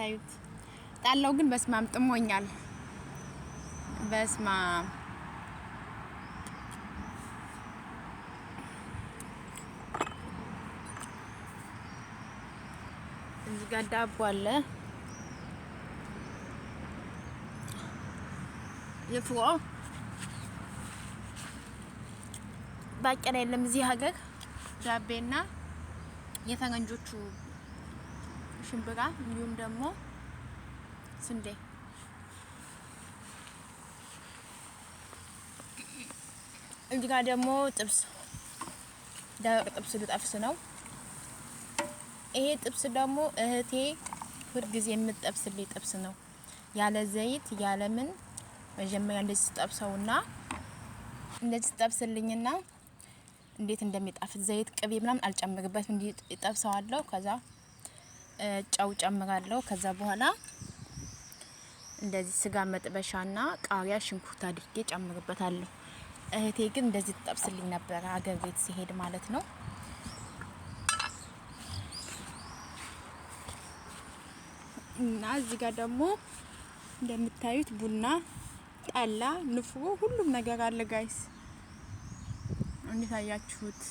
ታዩት ጣላው ግን በስማም ጥሞኛል። በስማ እዚህ ጋር ዳቦ አለ። የፍሮ ባቄላ የለም እዚህ ሀገር ዳቤና የፈረንጆቹ ሽምብራ እንዲሁም ደግሞ ስንዴ እዚህ ጋር ደግሞ ጥብስ ደረቅ ጥብስ ልጠብስ ነው። ይሄ ጥብስ ደግሞ እህቴ ጊዜ የምትጠብስልኝ ጥብስ ነው። ያለ ዘይት ያለ ምን መጀመሪያ እንደዚህ ስጠብሰውና እንደዚህ ስጠብስልኝና እንዴት እንደሚጣፍጥ ዘይት ቅቤ ምናምን አልጨምርበትም። እንዲህ ከዛ ጨው ጨምራለሁ። ከዛ በኋላ እንደዚህ ስጋ መጥበሻና ቃሪያ፣ ሽንኩርት አድርጌ ጨምርበታለሁ። እህቴ ግን እንደዚህ ትጠብስልኝ ነበረ አገር ቤት ሲሄድ ማለት ነው። እና እዚህ ጋር ደግሞ እንደምታዩት ቡና፣ ጠላ፣ ንፍሮ ሁሉም ነገር አለ ጋይስ እንዴት አያችሁት?